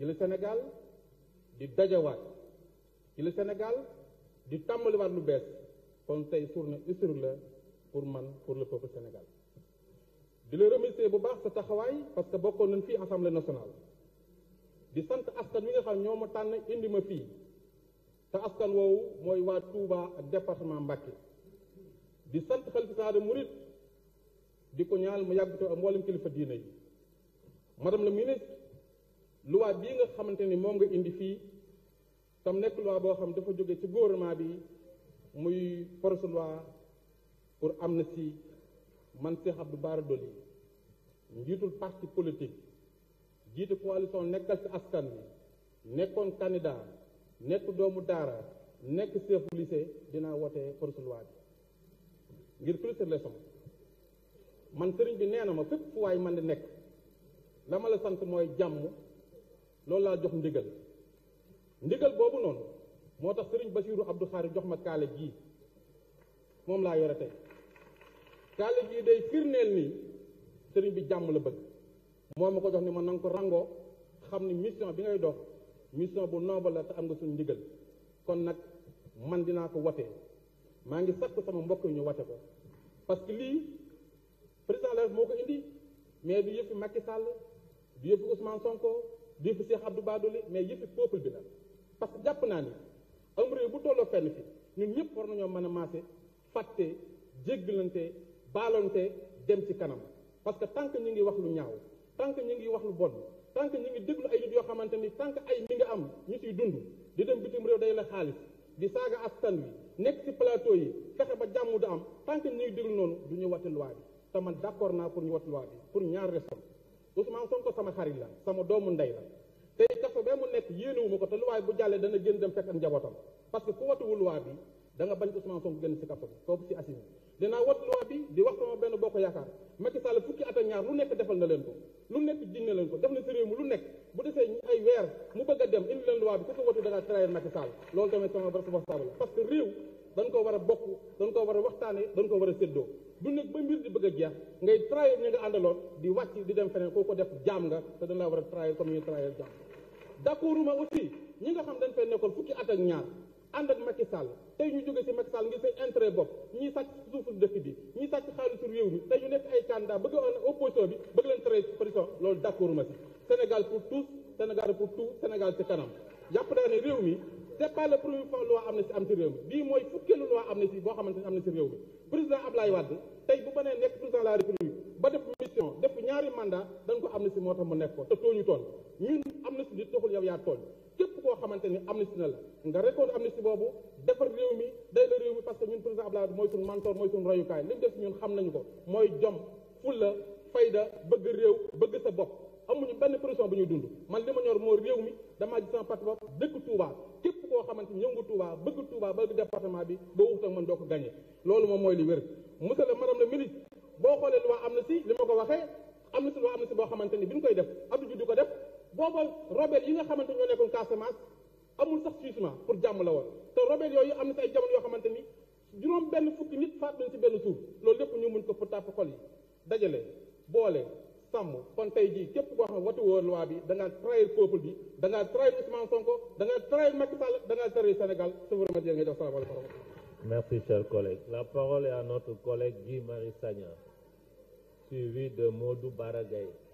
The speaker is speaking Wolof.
ci la Sénégal di dajawaat ci la Sénégal di tàmbaliwaat lu bees kon tey journée historique la pour man pour le peuple Sénégal di la remercier bu baax sa taxawaay parce que bokkoon nañ fii assemblée national di sant askan wi nga xam ñoo ma tànn indi ma fii te askan woowu mooy waa Touba ak département Mbacké di sant xalifa saada murit di ko ñaanal mu yàgg ak mboolem kilifa diine yi madame la ministre loi bii nga xamante ni moom nga indi fii tam nekk loi boo xam dafa jóge ci gouvernement bi muy force loi pour si man Cheikh du Bara Dolly njiitul parti politique jiite coalition nekkal ci askan bi nekkoon candidat nekk doomu daara nekk chef lycée dinaa wote force loi bi ngir plus leçon man sëriñ bi nee na ma fépp fu waay man di nekk la ma la sant mooy jàmm loolu laa jox ndigal ndigal boobu noonu moo tax sëriñ basiru abdou xaari jox ma kaale gii moom laa yore tey kaale gii day firneel ni sëriñ bi jàmm la bëgg moo ma jox ni ma nang ko rangoo xam ni mission bi ngay dox mission bu noble la te am nga ndigal kon nak man dinaa ko wate maa ngi sakk sama mbokk yi ñu wate ko parce que lii président la moo ko indi mais du yëfi Macky Sall du yëfi Ousmane Sonko vive Cheikh du baadoole mais yëpp peuple bi la parce que jàpp naa ne am réew bu tolloo fenn fi ñun ñëpp war nañoo mën a maase fàtte jéggalante baalonte dem ci kanam parce que tant ñu ngi wax lu ñaaw tant que ñu ngi wax lu bon tant que ñu ngi déglu ay nit yoo xamante ni tant ay mi nga am ñu ciy dund di dem bitim réew day la xaalis di saaga askan wi nekk ci plateau yi fexe ba jàmm du am tant que ñu ngi déglu noonu du ñu wati luwaa bi te man naa pour ñu wati bi pour ñaar raisons Ousmane Sonko sama xarit la sama doomu ndey la tey kaso bee mu nekk yéenewuma ko te luwaay bu jàllee dana génn dem fekk ak njabootam parce que ku watuwu luwaa bi da nga bañ Ousmane Sonko génn si kaso bi kooku si assis dinaa wat luwaa bi di wax sama benn bokk yaakaar Macky fukki at ñaar lu nekk defal na leen ko lu nekk jiñ na leen ko def na si réew mi lu nekk bu desee ay weer mu bëgg a dem indi leen luwaa bi ku ko watu da ngaa trahir a bokk a waxtaane dañ ko du nekk ba mbir di bëgg a jeex ngay trahir ña nga àndaloon di wàcc di dem feneen koo ko def jaam nga te dañ laa war a trahir comme ñu trahir jaam d'accorduma aussi ñi nga xam dañ fay nekkoon fukki at ak ñaar ànd ak Macky Sall tey ñu jóge ci Macky Sall ngir seen intérêt bopp ñii sàcc suufu dëkk bi ñii sàcc xaalisu réew mi tey ñu nekk ay candidat bëgg a opposition bi bëgg leen traité prison loolu d'accorduma ci Sénégal pour tous Sénégal pour tout Sénégal ci kanam jàpp naa ne réew mi c'est pas le premier fois loi amnistie am ci réew mi bii mooy fukkeelu loi amnistie boo xamante ne am na ci réew mi président Ablaye Wade tey bu ba nee nekk président de la république ba def mission def ñaari mandat dañ ko na si boobu defar réew mi day la réew mi parce que ñun président Ablaye Wade mooy suñu mentor mooy suñu royukaay li mu def ñun xam nañu ko mooy jom fulla fayda bëgg réew bëgg sa bopp amuñu benn pression bu ñuy dund man li ma ñor moo réew mi damaa gis sama parti dëkk Touba képp koo xamante ñëw nga Touba bëgg Touba bëgg département bi boo wuxta man doo ko gagné loolu moom mooy li wér monsieur le madame le boo xoolee loi am na si li ma ko waxee am na si loi am na si boo xamante ni bi ñu koy def Abdou Diouf di ko def booba robel yi nga xamante ñoo nekkoon Casamance amul sax jugement pour jàmm la woon te robel yooyu am na si ay jamono yoo xamante ni juróom benn fukki nit faat si benn suuf loolu lépp ñu mun ko pour tàpp xol yi dajale boole sam kon tay ji kep ko xam watu wor loi bi da nga trahir peuple bi da nga trahir Ousmane Sonko da nga trahir Macky Sall da nga trahir Sénégal ce vous remercie ngay dox merci cher collègue la parole est à notre collègue Guy Marie Sagna suivi de Modou Baragay